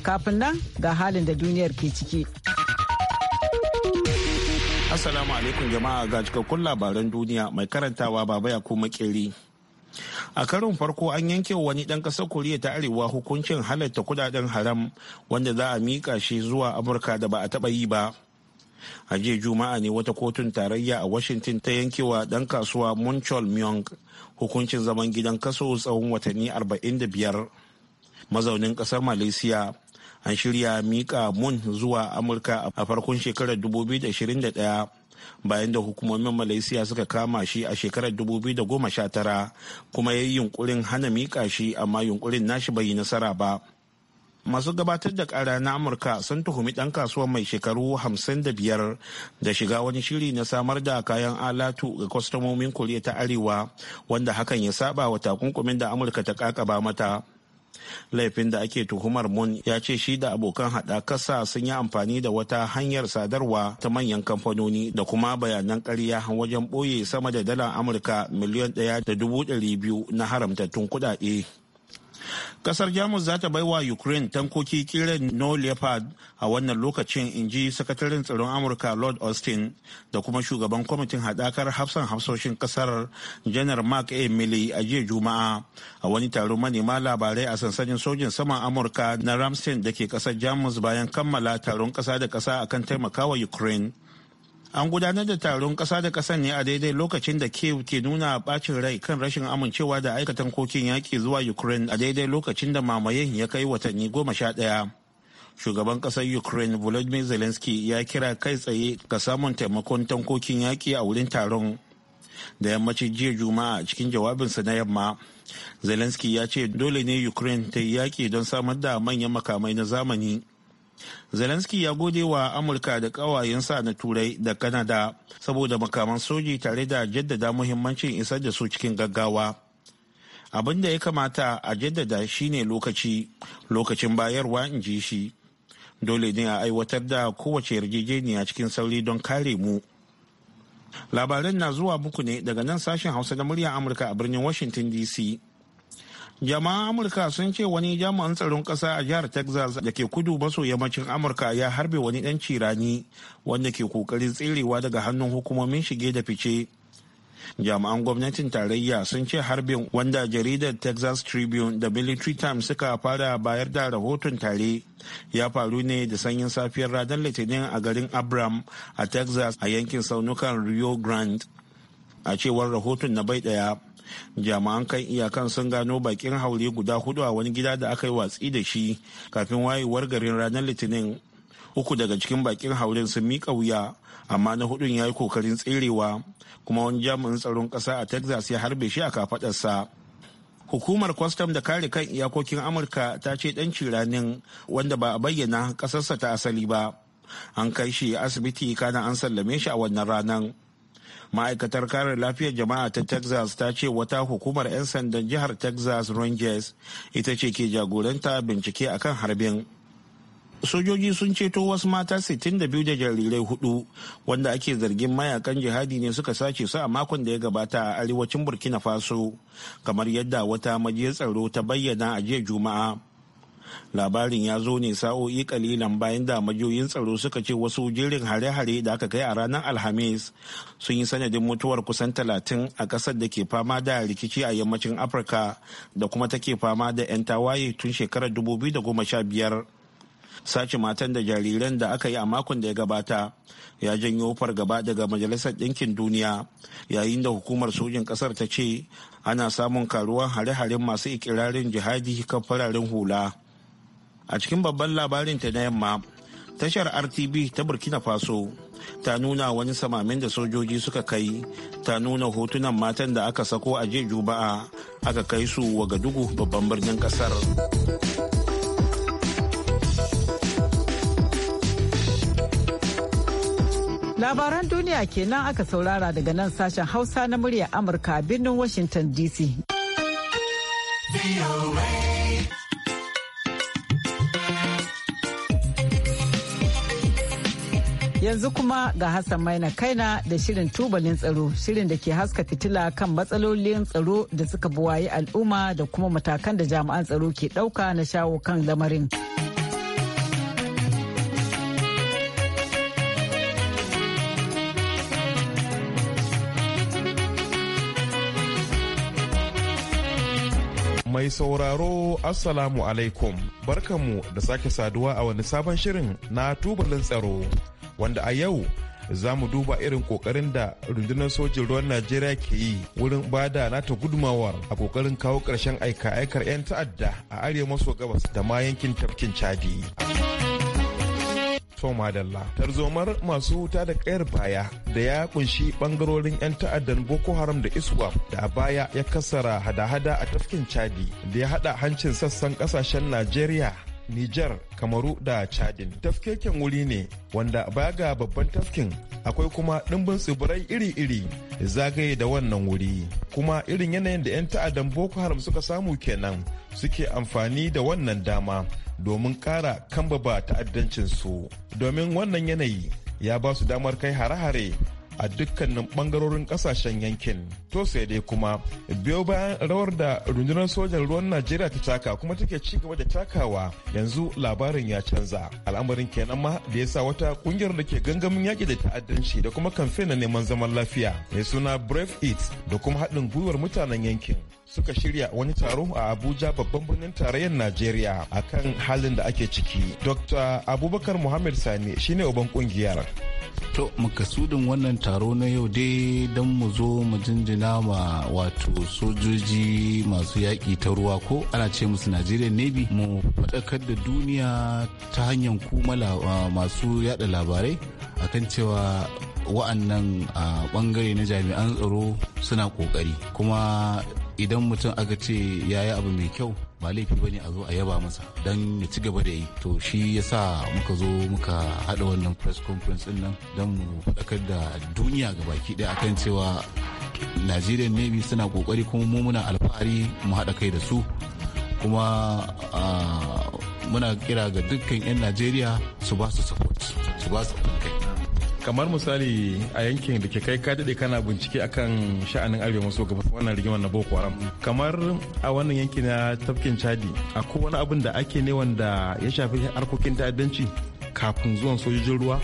Kafin nan ga halin da duniyar ke ciki. Assalamu alaikum jama'a ga cikakkun labaran duniya mai karantawa baba ya kuma makeri. A karin farko an yanke wani ɗan ƙasar Koriya ta Arewa hukuncin halatta kudaden haram wanda za a miƙa shi zuwa Amurka da ba a taɓa yi ba. A jiya Juma'a ne wata kotun tarayya a Washington ta yankewa ɗan kasuwa Munchol Myung hukuncin zaman gidan kaso tsawon watanni 45. Mazaunin ƙasar Malaysia an shirya mika mun zuwa amurka a farkon shekarar 2021 bayan da hukumomin malaysia suka kama shi a shekarar 2019 kuma ya yi yunkurin hana mika shi amma yunkurin nashi bai yi nasara ba masu gabatar da kara na amurka sun tuhumi dan kasuwa mai shekaru 55 da shiga wani shiri na samar da kayan alatu ga kwastomomin koriya ta arewa wanda hakan ya saba wa takunkumin da amurka ta kakaba mata laifin da ake tuhumar mun ya ce shi da abokan haɗakarsa sun yi amfani da wata hanyar sadarwa ta manyan kamfanoni da kuma bayanan ƙarya wajen ɓoye sama da dalar amurka miliyan ɗaya da dubu ɗari biyu na haramtattun kuɗaɗe kasar jamus za ta bai wa ukraine tankoki kiran no leopard a wannan lokacin in ji sakataren tsaron amurka lord austin da kuma shugaban kwamitin hadakar hafsan hafsoshin kasar janar mark a milley a jiya juma'a a wani taron manema labarai a sansanin sojin saman amurka na ramstein da ke kasar jamus bayan kammala taron kasa da kasa akan taimakawa ukraine an gudanar da taron ƙasa da ƙasa ne a daidai lokacin da kiev ke nuna bacin rai kan rashin amincewa da aikatan kokin yaƙi zuwa ukraine a daidai lokacin da mamayen ya kai watanni goma sha ɗaya shugaban ƙasar ukraine volodymyr zelensky ya kira kai tsaye ga samun taimakon tankokin yaƙi a wurin taron da yammacin jiya juma'a cikin jawabinsa na yamma zelensky ya ce dole ne ukraine ta yi yaƙi don samar da manyan makamai na zamani Zelensky ya gode wa Amurka da ƙawayensa na Turai da Kanada saboda makaman soji tare da jaddada muhimmancin isar da su cikin gaggawa. Abin da ya kamata a jaddada shine lokaci, lokacin bayarwa in ji shi. Dole ne a aiwatar da kowace yarjejeniya cikin sauri don kare mu. Labaran na zuwa muku ne daga nan sashen Hausa da muryar Amurka a birnin Washington DC. jama'an amurka sun ce wani jami'an tsaron kasa a jihar texas da ke kudu maso yammacin amurka ya harbe wani dan cirani wanda ke kokarin tserewa daga hannun hukumomin shige da fice jami'an gwamnatin tarayya sun ce harbin wanda jaridar texas tribune da military times suka fara bayar da rahoton tare ya faru ne da sanyin safiyar ranar litinin a garin abram a texas a yankin saunukan rio grande a cewar rahoton na bai daya jami'an kan iyakan sun gano bakin haure guda hudu a wani gida da aka yi watsi da shi kafin wayewar garin ranar litinin uku daga cikin bakin hauren sun miƙa wuya amma na hudun ya yi kokarin tserewa kuma wani jami'in tsaron ƙasa a texas ya harbe shi a kafadarsa hukumar kwastam da kare kan iyakokin amurka ta ce dan ciranin wanda ba a bayyana ƙasarsa ta asali ba an kai shi asibiti kana an sallame shi a wannan ranar ma'aikatar kare lafiyar jama'a ta texas ta ce wata hukumar 'yan sandan jihar texas rangers ita ce ke jagoranta bincike akan harbin sojoji sun ceto wasu mata 62 da jarirai hudu wanda ake zargin mayakan jihadi ne suka sace su a makon da ya gabata a arewacin burkina faso kamar yadda wata majiyar tsaro ta bayyana a jiya juma'a labarin ya zo ne sa'o'i kalilan bayan da majiyoyin tsaro suka ce wasu jerin hare-hare da aka kai a ranar alhamis sun yi sanadin mutuwar kusan talatin a ƙasar da ke fama da rikici a yammacin afirka da kuma take fama da 'yan tawaye tun shekarar dubu biyu da sha biyar. sace matan da jariran da aka yi a makon da ya gabata ya janyo fargaba daga majalisar ɗinkin duniya yayin da hukumar sojin ƙasar ta ce ana samun karuwan hare-haren masu ikirarin jihadi kan fararen hula a cikin babban labarin ta na yamma tashar rtb ta burkina faso ta nuna wani samamin da sojoji suka kai ta nuna hotunan matan da aka sako a jiya juba'a aka kai su dugu babban birnin kasar labaran duniya kenan aka saurara daga nan sashen hausa na murya amurka birnin washington dc Yanzu kuma ga Hassan Maina Kaina da shirin tubalin tsaro, shirin da ke haska fitila kan matsalolin tsaro da suka buwaye al'umma da kuma matakan da jami'an tsaro ke ɗauka na shawo kan lamarin. Mai sauraro Assalamu alaikum, barkanmu da sake saduwa a wani sabon shirin na tubalin tsaro. wanda a yau za mu duba irin kokarin da rundunar sojin ruwan najeriya ke yi wurin bada nata gudumawar a kokarin kawo karshen aika-aikar 'yan ta'adda a arewa maso gabas da ma yankin tafkin chadi Somadalla. Tarzomar masu wuta da kayar baya da ya kunshi bangarorin 'yan ta'addan Boko Haram da Iswap da a baya ya kassara hada-hada a tafkin Chadi da ya hada hancin sassan kasashen Najeriya Nijar, Kamaru da Chadin. Tafkeken wuri ne wanda baya ga babban tafkin akwai kuma ɗimbin tsibirai iri-iri zagaye da wannan wuri. Kuma irin yanayin da 'yan ta'addan Boko Haram suka samu kenan suke amfani da wannan dama domin ƙara kambaba ta'addancinsu. Domin wannan yanayi ya ba su damar kai hare-hare a dukkanin bangarorin kasashen yankin to sai dai kuma biyo bayan rawar da rundunar sojan ruwan najeriya ta taka kuma take ci gaba da takawa yanzu labarin ya canza al'amarin kenan ma da ya sa wata kungiyar da ke gangamin yaƙi da ta'addanci da kuma kamfe na neman zaman lafiya mai suna brave it da kuma haɗin gwiwar mutanen yankin suka shirya wani taro a abuja babban birnin tarayyar najeriya kan halin da ake ciki dr abubakar muhammad sani shine uban kungiyar To makasudin wannan taro na yau dai don mu zo mu jinjina ma wato sojoji masu yaƙi ta ruwa ko ana ce musu Najeriya Navy mu faɗakar da duniya ta hanyar kuma masu yada labarai akan cewa wa'annan a ɓangare na jami'an tsaro suna ƙoƙari kuma idan mutum aka ce ya yi abu mai kyau ba laifi bane a zo a yaba masa don ya ci gaba da yi to shi yasa muka zo muka hada wannan press conference din nan don mu faɗakar da duniya ga baki ɗaya akan cewa Nigerian Navy suna kokari kuma mu muna alfahari mu haɗa kai da su kuma muna kira ga dukkan 'yan Najeriya su ba su support su ba su kai kamar misali a yankin da ke kai ka daɗe kana bincike akan sha'anin arewa maso gabas wannan rigimar na boko haram kamar a wannan yanki na tafkin chadi akwai wani abin da ake ne wanda ya shafi harkokin ta'addanci kafin zuwan sojojin ruwa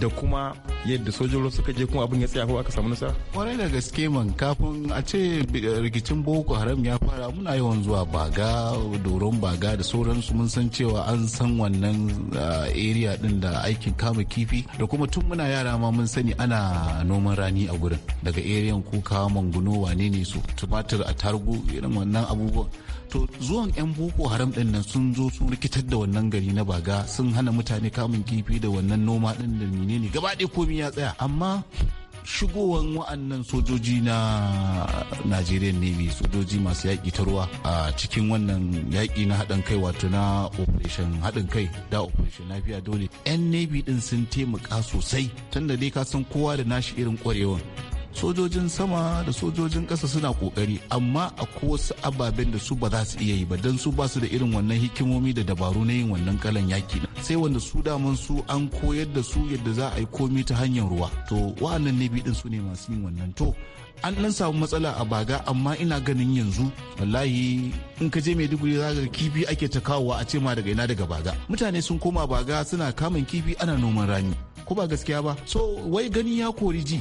da kuma yadda sojojin suka je kuma abin ya tsaya ko aka samu nasara kwarai da gaske man kafin a ce eh, rikicin boko haram ya fara muna yawan zuwa baga doron baga da sauransu mun san cewa an san wannan eh, area din da aikin kama kifi da kuma tun muna yara ma mun sani ana noman rani a gurin daga area kuka manguno wane ne su tumatir a targo irin wannan abubuwan to zuwan 'yan boko haram din nan sun zo sun rikitar da wannan gari na baga sun hana mutane kamun kifi da wannan noma din menene gaba ɗaya komi ya tsaya amma shigowan wa'annan sojoji na najeriya ne navy sojoji masu yaƙi ta ruwa a cikin wannan yaƙi na haɗin kai wato na operation haɗin kai da operation lafiya dole yan navy ɗin sun taimaka sosai tun dai ka san kowa da nashi irin ƙwarewan sojojin sama da sojojin ƙasa suna ƙoƙari amma ko wasu ababen da su ba za su iya yi ba don su ba su da irin wannan hikimomi da dabaru na yin wannan kalan yaki sai wanda su daman su an koyar da su yadda za a yi komi ta hanyar ruwa to wa'annan ne din su ne masu yin wannan to an nan samu matsala a baga amma ina ganin yanzu wallahi in ka je maiduguri za ga kifi ake ta kawowa a ce ma daga ina daga baga mutane sun koma baga suna kamun kifi ana noman rani ko ba gaskiya ba so wai gani ya kori ji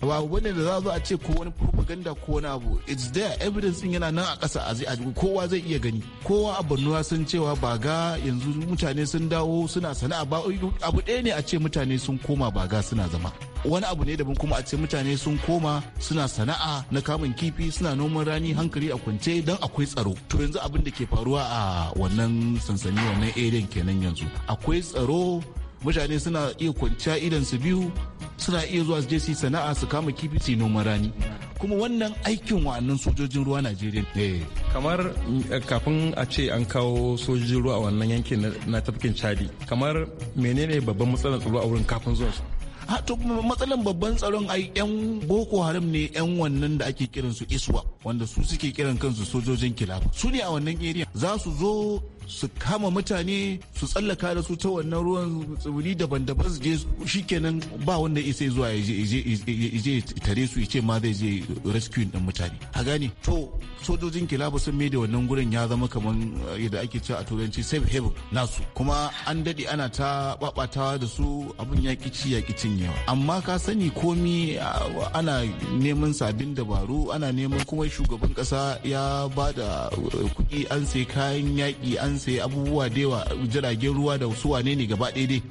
ba wani da za zo a ce ko wani propaganda ko wani abu it's there evidence din yana nan a ƙasa a kowa zai iya gani kowa a Borno sun cewa ba ga yanzu mutane sun dawo suna sana'a ba abu ɗaya ne a ce mutane sun koma ba ga suna zama wani abu ne daban kuma a ce mutane sun koma suna sana'a na kamun kifi suna noman rani hankali a kwance don akwai tsaro to yanzu abin da ke faruwa a wannan sansani wannan area kenan yanzu akwai tsaro mutane suna iya kwanciya idan su biyu suna iya zuwa su je su sana'a su kama kifi su noman rani kuma wannan aikin wa'annan sojojin ruwa Najeriya ne. Eh, kamar mm, eh, kafin a ce an kawo sojojin ruwa a wannan yankin na tafkin Chadi, kamar menene babban matsalar tsaro a wurin kafin zuwa su? Ha to matsalan babban tsaron ai yan Boko Haram ne yan wannan da ake kiran su Iswa wanda su suke kiran kansu sojojin kilafa. Su ne a wannan area za su zo su kama mutane su tsallaka da su ta wannan ruwan tsibiri daban-daban su je shikenan ba wanda isa zuwa ya je tare su ce ma zai je rescue din mutane a gane to sojojin kilabu sun mai da wannan gurin ya zama kamar eh, yadda ake cewa a turanci safe haven nasu kuma an dade ana ta babatawa da su abin ya ci ya cinyewa amma ka sani komi ah, ana neman sabbin dabaru ana neman kuma shugaban kasa ya ba da eh, kuɗi an sai kayan yaƙi an an abubuwa da yawa jiragen ruwa da su wane ne gaba daidai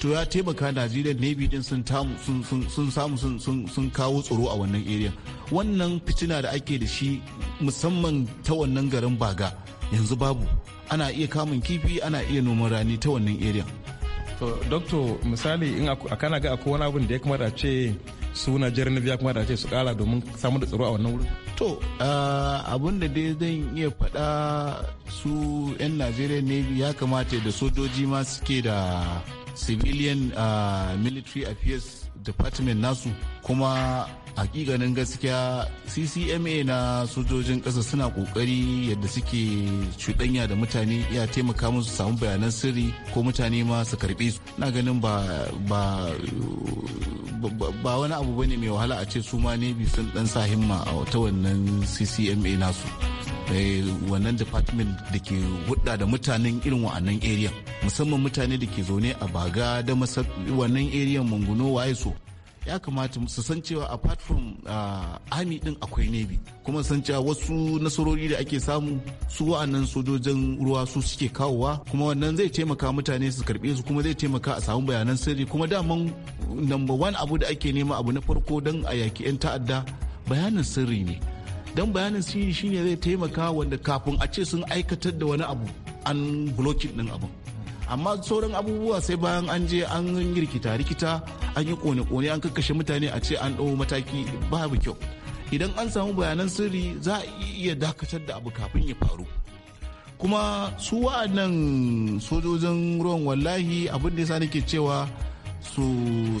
to ya taimaka najeriya navy din sun samu sun kawo tsaro a wannan area wannan fitina da ake da shi musamman ta wannan garin baga yanzu babu ana iya kamun kifi ana iya noman rani ta wannan area doctor misali in kana ga akwai wani abin da ya kamata ce su Najeriya ya kuma da ce su kara domin samu da tsaro a wannan wurin? To, abun da dai zan iya faɗa su 'yan Najeriya ne ya kamata da sojoji ma suke da civilian military affairs department nasu kuma hakikanin gaskiya ccma na sojojin ƙasa suna ƙoƙari yadda suke cuɗanya da mutane ya taimaka musu samu bayanan sirri ko mutane ma su karɓe su na ganin ba ba ba wani abu bane mai wahala a ce su ma ne sun ɗan sa himma a ta wannan ccma nasu. wannan department da ke hudda da mutanen irin wa'annan area musamman mutane da ke zaune a baga da wannan area manguno waye so ya kamata su san cewa apart from ah, army din akwai navy kuma san cewa wasu nasarori da ake samu su wa'annan sojojin ruwa su suke kawowa kuma wannan zai taimaka mutane su karbe su kuma zai taimaka a samu bayanan sirri kuma daman number one abu da ake nema abu na farko don a yaki 'yan ta'adda bayanin sirri ne don bayanin sirri shine zai taimaka wanda kafin a ce sun aikatar da wani abu an blocking din abu amma sauran abubuwa sai bayan an je an rikita rikita an yi kone-kone an kakkashe mutane a ce an ɗau mataki babu kyau idan an samu bayanan sirri za a iya dakatar da abu kafin ya faru kuma su wa'annan sojojin ruwan wallahi abin da ya yasa nake cewa su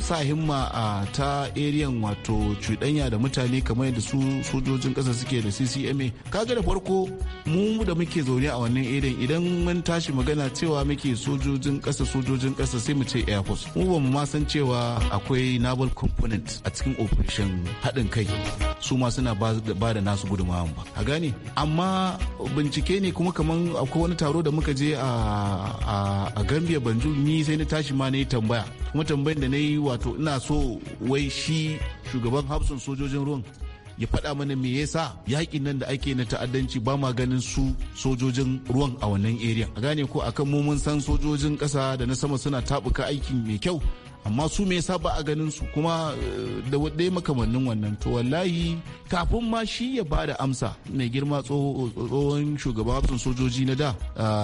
sa himma a ta eriyan wato cuɗanya da mutane kamar yadda su sojojin ƙasa suke da ccma kaga da farko mu da muke zaune a wannan eriyan idan mun tashi magana cewa muke sojojin ƙasa sojojin ƙasa sai mu ce air force mu ba mu ma san cewa akwai naval component a cikin operation haɗin kai su ma suna ba da nasu gudunmawan ba a gane amma bincike ne kuma kamar akwai wani taro da muka je a gambia banjul ni sai na tashi ma na yi tambaya kuma tambayin da na yi wato ina so wai shi shugaban hafsun sojojin ruwan ya faɗa mana me yasa yakin nan da ake na ta'addanci ba ma ganin su sojojin ruwan a wannan area a gane ko akan mu mun san sojojin ƙasa da na sama suna tabuka aiki mai kyau amma su me yasa ba a ganin su kuma eh, da wadai makamannin wannan to wallahi kafin ma shi ya ba amsa mai girma tsohon shugaban hafsun sojoji na da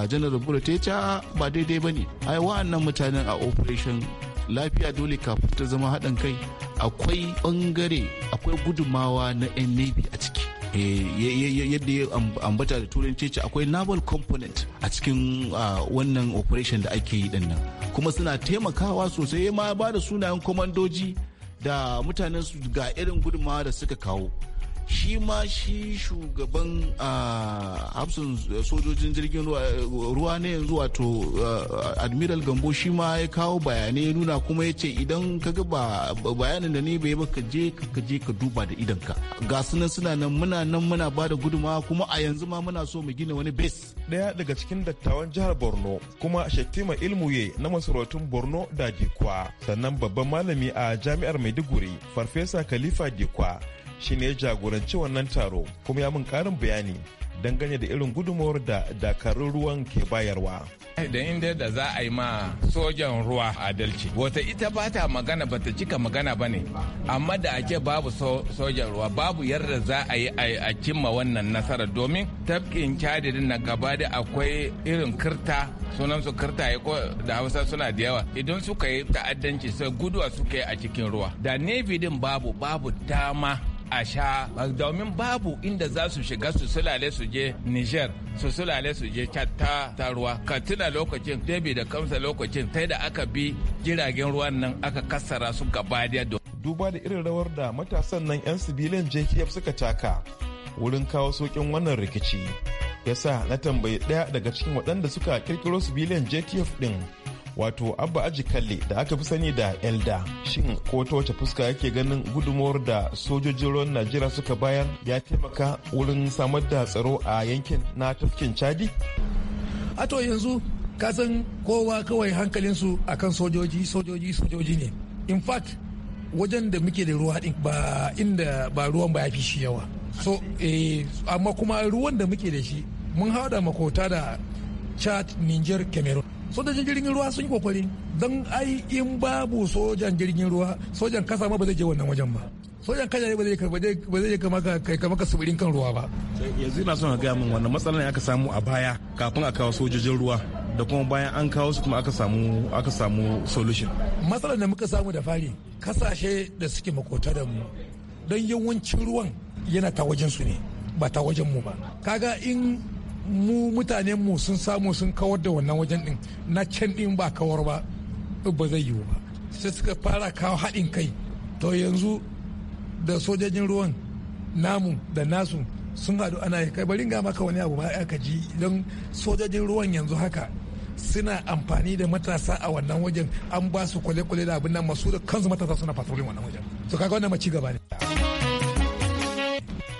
janar ah, burteca ba daidai ba ne ai wa'annan mutanen a operation lafiya dole kafin ta zama haɗin kai akwai ɓangare akwai gudumawa na 'yan navy a ciki eh, yadda ya ambata da turanci ce akwai naval component a cikin wannan operation da ake yi dinnan kuma suna taimakawa sosai ma ba da sunayen komandoji da mutanen su ga irin gudumawa da suka kawo shi ma shi shugaban hafsun eh, sojojin jirgin ruwa eh, ne yanzu wato eh, admiral gambo shi ma ya kawo bayanai ya nuna kuma ya ce idan ka ga bayanin da ne bai ba ka je ka je ka duba da idanka ga sunan suna nan muna nan muna ba da guduma kuma a yanzu ma muna so mu gina wani base daya daga cikin dattawan jihar borno kuma shattima ilmuye na masarautun borno da dikwa sannan babban malami a jami'ar maiduguri farfesa khalifa dikwa shine ya jagoranci wannan taro kuma ya mun karin bayani dangane da irin gudumawar da dakarun ruwan ke bayarwa. Da inda da za a yi ma sojan ruwa adalci. Wata ita ba ta magana ba ta cika magana ba ne, amma da ake babu sojan ruwa babu yarda za a yi a cimma wannan nasara domin tabkin cadirin na gaba da akwai irin kirta sunan su kirta ya ko da hausa suna da yawa idan suka yi ta'addanci sai guduwa suka yi a cikin ruwa. Da nevi din babu babu dama a sha domin babu inda za su shiga su sulale su je Niger su sulale su je ta ta ruwa ka tuna lokacin debi da kamsa lokacin sai da aka bi jiragen ruwan nan aka kassara su gaba duba da irin rawar da matasan nan 'yan sibilin jkf suka taka wurin kawo sokin wannan rikici yasa na tambayi daya daga cikin waɗanda suka kirkiro sibilin jkf din wato abba aji kalle da aka fi sani da elda shin ko ta wace fuska yake ganin gudunmuwar da sojojin ruwan najeriya suka bayar ya taimaka wurin samar da tsaro a yankin na tafkin chadi a to yanzu kasan kowa kawai hankalinsu akan sojoji sojoji sojoji ne in fact wajen da muke da ruwa din ba inda ba ruwan ba ya fi shi yawa so eh, amma kuma ruwan da muke da shi mun hada makota da chad niger cameroon sojojin jirgin ruwa sun yi kokari don ai in babu sojan jirgin ruwa sojan kasa ma ba zai je wannan wajen ba sojan kasa ba zai kama ka kama ka subirin kan ruwa ba yanzu ina son ka gaya min wannan matsalar ne aka samu a baya kafin a kawo sojojin ruwa da kuma bayan an kawo su kuma aka samu aka samu solution matsalar da muka samu da fari kasashe da suke makota da mu don yawancin ruwan yana ta wajen su ne ba ta wajen mu ba kaga in mu mutanen mu sun samu sun kawar da wannan wajen din na can din ba kawar ba ba zai yiwu ba sai suka fara kawo haɗin kai to yanzu da sojojin ruwan namu da nasu sun haɗu ana kai bari ga maka wani abu ma aka ji don sojojin ruwan yanzu haka suna amfani da matasa a wannan wajen an ba su kwale-kwale da abin nan masu da kansu matasa suna fatrolin wannan wajen to kaga wannan ci gaba ne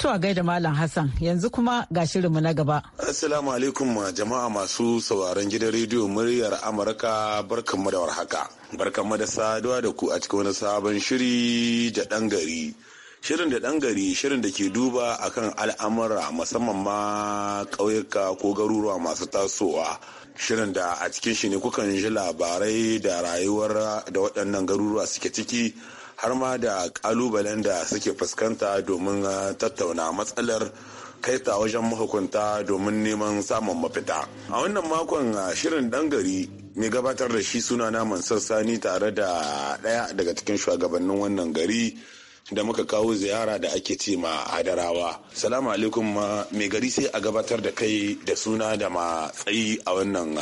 To gaida Malam Hassan yanzu kuma ga shirinmu na gaba. Assalamu alaikum jama'a masu sauraron gidan rediyo muryar Amurka barkanmu da warhaka. Barkanmu da saduwa da ku a cikin wani sabon shiri da ɗan gari. Shirin da ɗan gari shirin da ke duba akan al'amura musamman ma ƙauyuka ko garuruwa masu tasowa. Shirin da a cikin shi ne kukan ji labarai da rayuwar da waɗannan garuruwa suke ciki har ma da kalubalen da suke fuskanta domin uh, tattauna matsalar kai ta wajen mahukunta domin neman samun mafita a wannan makon uh, shirin dan gari mai gabatar da shi suna naman mansar sani tare da daya daga cikin shugabannin wannan gari da muka kawo ziyara da ake ce ma adarawa salamu alaikum uh, mai gari sai a gabatar da kai da suna da matsayi a wannan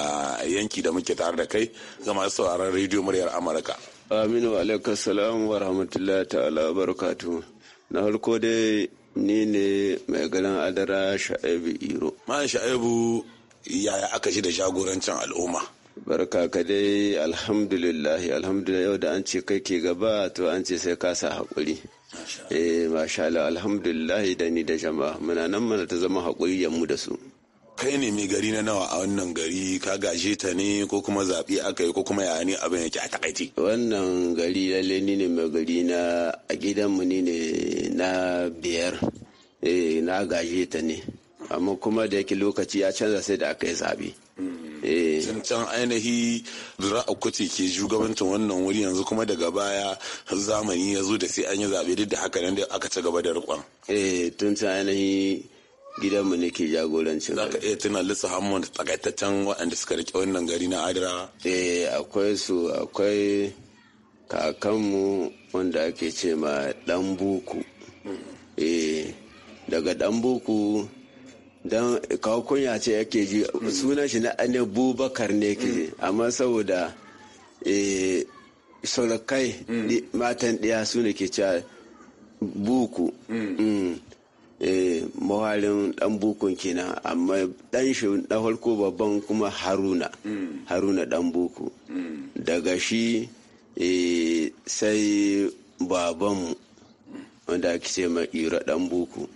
yanki da muke tare da kai ga masu sauraron rediyo muryar amurka Aminu alaikar salam wa rahmatullahi ta'ala barakatu. Na harko dai ni ne mai ganin adara sha'ibu iro. Man sha'ibu yaya aka shi da jagorancin al'umma. Barka ka dai alhamdulillah alhamdulillah yau da an ce kai ke gaba to an ce sai ka sa haƙuri. Eh masha Allah alhamdulillah da ni da jama'a muna nan mana ta zama haƙuri yammu da su. kai ne mai gari na nawa a wannan gari ka gaje ta ne ko kuma zaɓe aka yi ko kuma ya ne abin yake a takaiti. wannan gari lalle ni ne mai gari na a gidanmu ni ne na biyar eh, na gaje ta ne amma kuma da yake lokaci ya canza sai da aka yi zaɓe. Hmm. Eh. can ainihi zura a kuti ke shugabancin wannan wuri yanzu kuma daga baya zamani ya zo da sai an yi zaɓe duk da haka nan da aka ci gaba da riƙon. eh tun can ainihi gidanmu ne ke jagorancin za ka iya tuna lissa hamman tsagaitaccen waɗanda suka rike wannan gari na adira eh akwai su akwai kakanmu wanda ake ce ma dan buku mm. eh daga dan buku don kawo kunya ce yake ji mm. sunan shi na Ani bubakar ne ke mm. amma saboda eh, sorokai matan ɗaya su ne ke cewa buku Eh, muhalin dan bukun kenan amma dan shi na farko babban kuma haruna haruna dan buku daga shi eh, sai babanmu wanda ake ce ma iro dan buku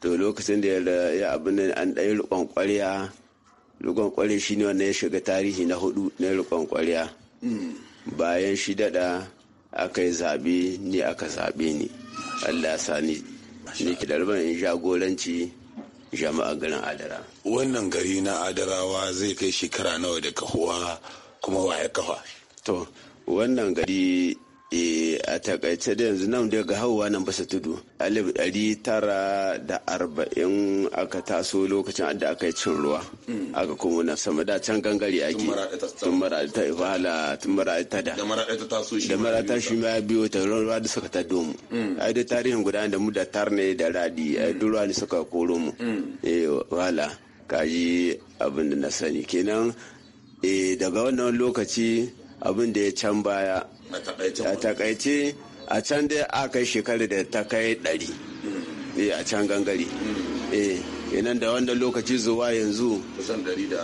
to lokacin da ya abin an ɗaya rikon kwarya rikon kwarya ne wanda ya shiga tarihi na hudu na rikon kwarya bayan shi dada aka yi zaɓe ni aka zaɓe ni allah sani niki ke in jagoranci jama'a garin Adara. Wannan gari na Adarawa zai kai shekara nawa da kahuwa kuma waye kafa. To, wannan gari Eh, a takaice da yanzu nan daga hauwa nan basa tudu alif ɗari tara da arba'in aka taso lokacin da aka yi cin ruwa aka kuma na sama da can gangare ake tun maraɗi ta ifala tun maraɗi ta da da maraɗi shi ma biyo ta ruwa da suka ta domu mm. ai da tarihin guda da mu da tar ne da radi ai mm. duk ne suka koro mu mm. e eh, wala yi abin da na sani kenan eh, daga wannan lokaci abin da ya can baya a takaice a can dai aka shekaru da ta kai ɗari eh, a can gangare inan eh, da wanda lokaci zuwa yanzu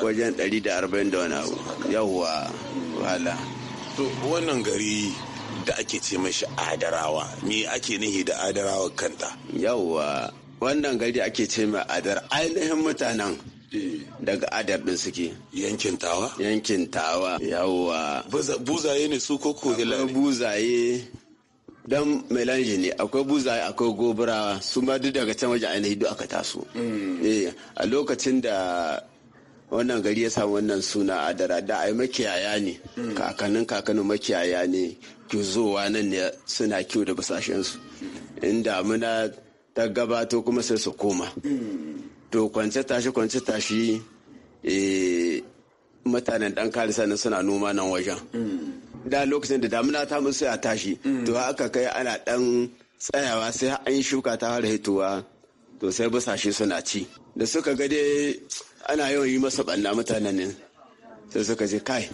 wajen 140 da wani abu yawwa wahala to wannan gari da ake ce mashi adarawa me ake nihi da adarawa kanta yawwa wannan gari ake ce mai adar ainihin mutanen daga adar din suke yankin tawa yankin tawa yawwa buzaye ne su koko hilari buzaye don melange ne akwai buzaye akwai gobara su ma duk daga can waje ainihin duk aka taso mm. eh, a lokacin da wannan gari ya samu wannan suna adara da ai makiyaya ne mm. kakannin kakannin makiyaya ne zuwa nan ne suna kiwo da basashensu mm. inda muna ta gabato kuma sai su koma to kwance tashi kwance tashi eh, mutanen dan karisa na suna noma nan wajen da lokacin da damuna ta musu ya tashi to haka kai ana dan tsayawa sai an shuka ta fara hituwa to sai busashe suna ci da suka ga ana yawan yi masa banna mutanen ne sai suka je kai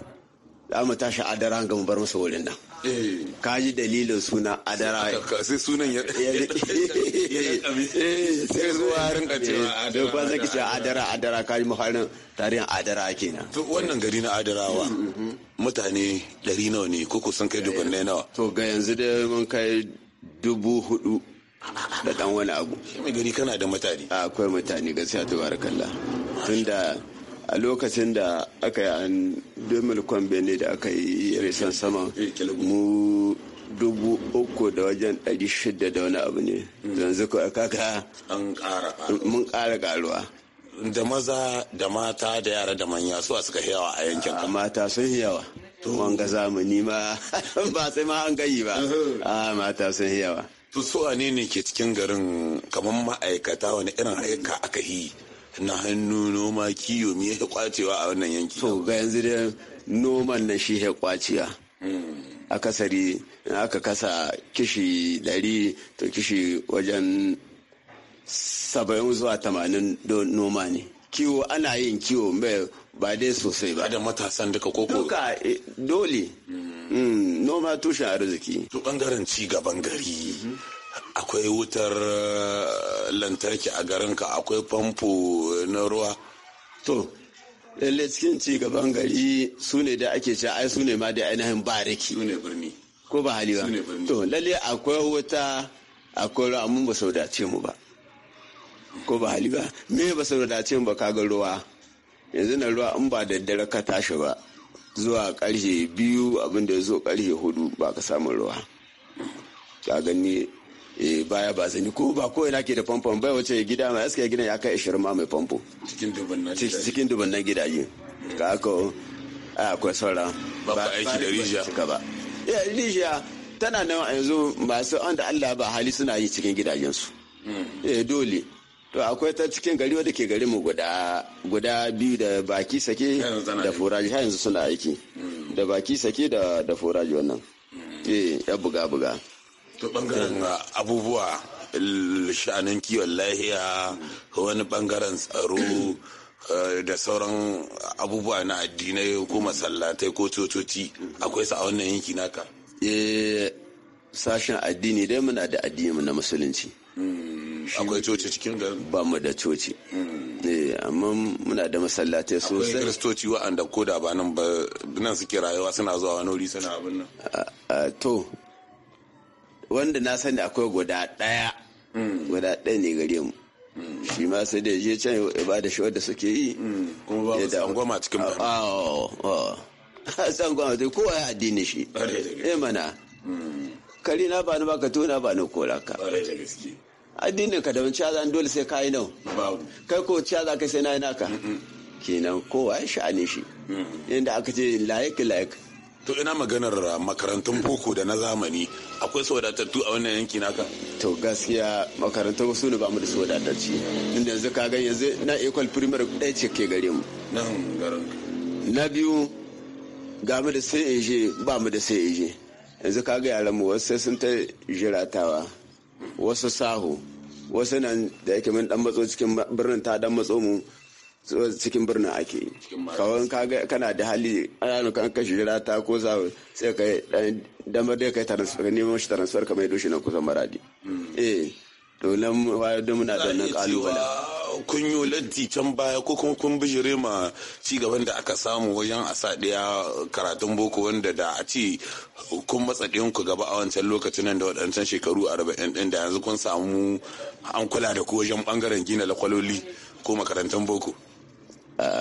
za mu tashi adara ga mu bar musu wurin nan eh. ka ji dalilin suna adara sai sunan ya sai zuwa rinka cewa eh, adara ba zaki ce adara adara ka ji mafarin tarihin adara kenan to wannan gari na adarawa mm, mm, mm. mutane dari nawa ne ko sun kai dubanne nawa eh, to ga yanzu da mun kai dubu hudu da dan wani abu mai gari kana da mutane akwai mutane gaskiya tabarakallah tunda a lokacin da aka yi an domin kwambe da aka yi resan sama eh, mu dubu uku da wajen ɗari shida da wani abu ne mm. yanzu ko kaka mun ƙara ƙaruwa da maza da mata da yara da manya su suka yawa a yankin ka mata sun yawa to an ga zamani ma ba sai ma an gayi ba a mata sun yawa to su ne ne ke cikin garin kamar ma'aikata wani irin aika aka yi na hannu noma kiyo me ya kwacewa a wannan yanki to ga yanzu dai noman na shi ya kwaciya hmm. akasari aka kasa kishi dari to kishi wajen saba'in zuwa tamanin noma ne kiwo ana yin kiwo mai ba dai sosai ba da matasan duka koko duka eh, dole hmm. Hmm, noma tushen arziki to bangaren ci gaban gari mhm. akwai wutar eh, lantarki a garinka akwai famfo na ruwa to lalle cikin ci gaban gari su ne da ake ce ai su ne ma da ainihin bariki su ne birni ko ba hali ba to lalle akwai wuta akwai ruwa mun ba sau dace mu ba ko ba hali ba me ba sau dace mu ba kaga ruwa yanzu na ruwa in ba da dare ka tashi ba zuwa karshe biyu abinda ya zo karshe hudu ba ka samu ruwa ka gani Eh, baya ba zani ko ba ko ina ke da famfon bai wace gida mai aska gidan ya kai 20 ma mai famfo cikin dubannan gidaje ka ko a akwai saura ba ba aiki da rijiya ba rijiya tana nan a yanzu masu wanda Allah ba hali suna yi cikin gidajensu hmm. eh dole to akwai ta cikin gari wadda ke gari mu guda guda biyu da baki sake da furaji hanyar yanzu suna aiki hmm. da baki sake da da furaji wannan hmm. eh ya buga buga ta bangaren eh. ah, abubuwa sha'anin kiwon lahiya wani bangaren tsaro eh, da sauran abubuwa na addinai ko masallatai ko cococi akwai sa a wannan yanki naka eh, sashen addini dai muna da addini na musulunci hmm, akwai coci cikin garin ba mu da coci hmm. amma muna da masallatai sosai akwai kristoci wa'anda ko da nan ba nan suke rayuwa suna zuwa wani wuri suna abin nan ah, ah, to wanda na sani akwai guda ɗaya guda ɗaya ne gare mu shi ma sai da je can ya ba da shawar da suke yi kuma ba da angoma cikin ba san gwamnati kowa ya addini shi eh mana kari na ba ni ba ka tona ba ni kora ka addinin ka da wani dole sai kayi nau kai ko caza kai sai na yi naka kenan kowa ya sha'ani shi inda aka ce layik layik to ina maganar ah, makarantun boko da na zamani akwai su wadatattu a wannan yanki naka to gaskiya makarantun su ne ba mu da su wadatacci inda yanzu ka gan yanzu na equal primary ɗaya ce ke gare mu na biyu ga mu da sai eje ba mu da sai eje yanzu ka ga yaran mu wasu sai sun ta jiratawa wasu saho wasu nan da yake mun dan matso cikin birnin ta dan matso mu cikin birnin ake yi kawai kana da hali ana kan kashi jira ta ko za sai ka damar da kai transfer ma shi transfer kamar yadda shi na kusan maradi hmm. eh to nan wayo da muna da nan kalubale kun yi ladi can baya ko kuma kun bijire ma ci gaban da aka samu wajen a sa karatun boko wanda da a ci kun matsa ku gaba a wancan lokacin nan da waɗancan shekaru arba'in ɗin da yanzu kun samu an kula da ku wajen ɓangaren gina lakwaloli ko makarantun boko.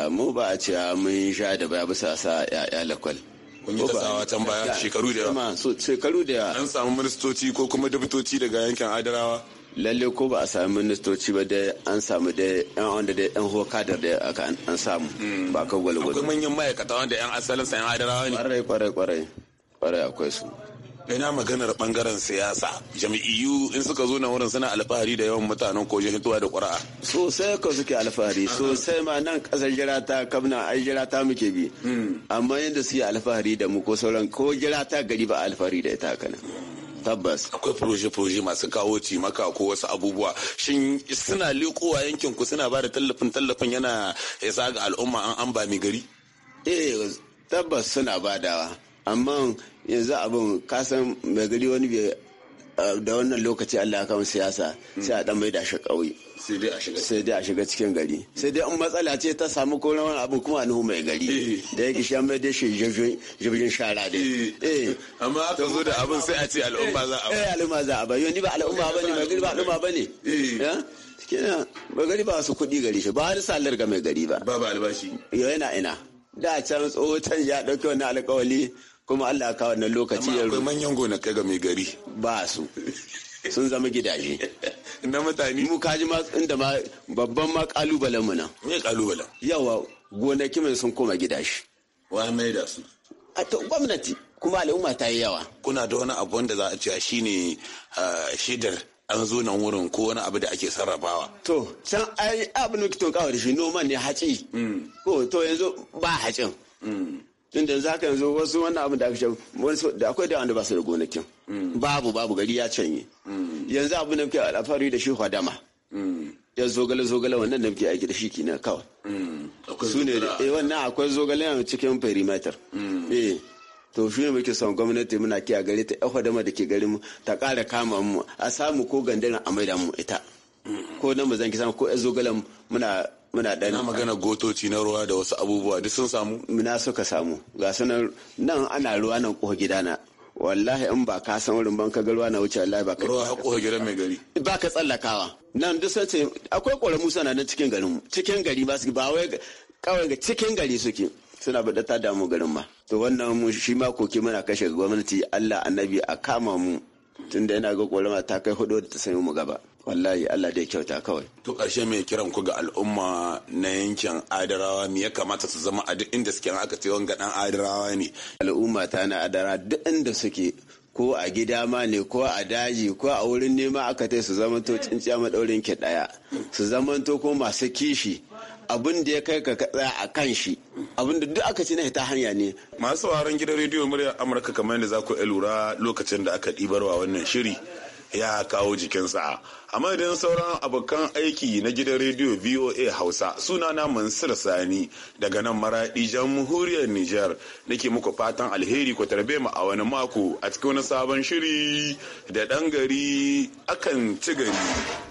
mu ba a cewa mun sha da baya bisa sa ya'ya lakwal kun yi sawa can baya shekaru da yawa shekaru da yawa an samu ministoci ko kuma dabitoci daga yankin adarawa lalle ko ba a samu ministoci ba dai an samu dai yan wanda dai yan hokadar da aka an samu hmm. ba ka gwalgwalo akwai manyan ma'aikata wanda yan asalin sa yan adarawa ne kwarai kwarai kwarai akwai su ina maganar bangaren siyasa jami'iyu in suka zo na wurin suna alfahari da yawan mutanen ko hituwa da ƙura'a sosai ko suke alfahari sosai ma nan kasar jira ta kamna ai jira ta muke bi hmm. amma yadda suke alfahari da mu ko sauran ko jira ta gari ba alfahari da ita kana tabbas akwai proje-proje masu kawo maka ko wasu abubuwa shin suna likowa yankin ku suna ba da tallafin tallafin yana ya zaga al'umma an an ba mai gari eh tabbas suna badawa amma yanzu abin kasan mai gari wani bai da wannan lokaci Allah kan siyasa sai a dan mai da shi kauye. sai dai a shiga cikin gari sai dai in matsala ce ta samu ko wani abu kuma nuhu mai gari eh. da yake shi mai dai shi jirgin shara dai eh. eh amma aka zo da abin sai a ce al'umma za a ba eh, eh al'umma za a ba yau ni ba al'umma ne mai gari ba al'umma bane eh kenan mai gari ba su kuɗi gari shi ba har salar ga mai gari ba ba ba albashi yau yana ina da can tsohon ya ɗauki wani alkawali kuma Allah ka wannan lokaci ya akwai manyan gonakai ga mai gari ba su sun zama gidaje na mutane mu kaji ma inda ma babban ma kalubalen mu nan me kalubalen yawa gonaki mai sun koma gidaje wa mai da su a to gwamnati kuma al'umma ta yi yawa kuna da wani abu wanda za a ce shine ah, Shidar. an zo nan wurin ko wani abu da ake sarrafawa. To, can ai abin da tun kawo da shi noman ne haci. Mm. Ko to yanzu ba hacin. Mm. Tun da ka yanzu wasu wannan abin da aka shafi wasu da akwai da wanda ba su da gonakin. Mm. Babu babu gari ya canye. Yanzu abin da muke alfahari da shi hwadama. Ya zogale zogale wannan da muke aiki da shi kina kawai. Su ne eh, wannan akwai zogale cikin perimeter. Eh. to shi ne muke son gwamnati muna kiya gare ta yan dama da ke garin mu ta ƙara kama mu a samu ko gandarin a maida mu ita ko na mu zan kisa ko ya zo muna muna dan na magana gotoci na ruwa da wasu abubuwa duk sun samu muna suka samu ga sanar nan ana ruwa nan ko gidana wallahi in ba ka san wurin ban ka ruwa na wuce wallahi ba ka ruwa ko gidan mai gari ba ka tsallakawa nan duk sun ce akwai ƙoramu sana nan cikin garin cikin gari ba su ba wai kawai ga cikin gari suke suna bada ta damu garin ma to wannan shi ma koke muna kashe gwamnati Allah annabi a kama mu tunda yana ga ƙorama ta kai hudu da ta sayo mu gaba wallahi Allah da ya kyauta kawai. To karshe mai kiran ku ga al'umma na yankin Adarawa me ya kamata su zama a duk inda suke aka ce wanga dan Adarawa ne. Al'umma ta na Adara duk inda suke ko a gida ma ne ko a daji ko a wurin nema aka tai su zama to tsinciya madaurin ki daya su zama to ko masu kishi abin da ya kai ka tsaya a kan shi abin da duk aka ce na ta hanya ne masu sauraron gidan rediyo murya amurka kamar yadda za ku lura lokacin da aka ɗibarwa wannan shiri ya kawo jikinsa a madadin sauran abokan aiki na gidan rediyo voa hausa sunana mansur sani daga nan maraɗi jamhuriyar niger nake muku fatan alheri ku tarbe mu a wani mako a cikin wani sabon shiri da ɗan gari akan ci gari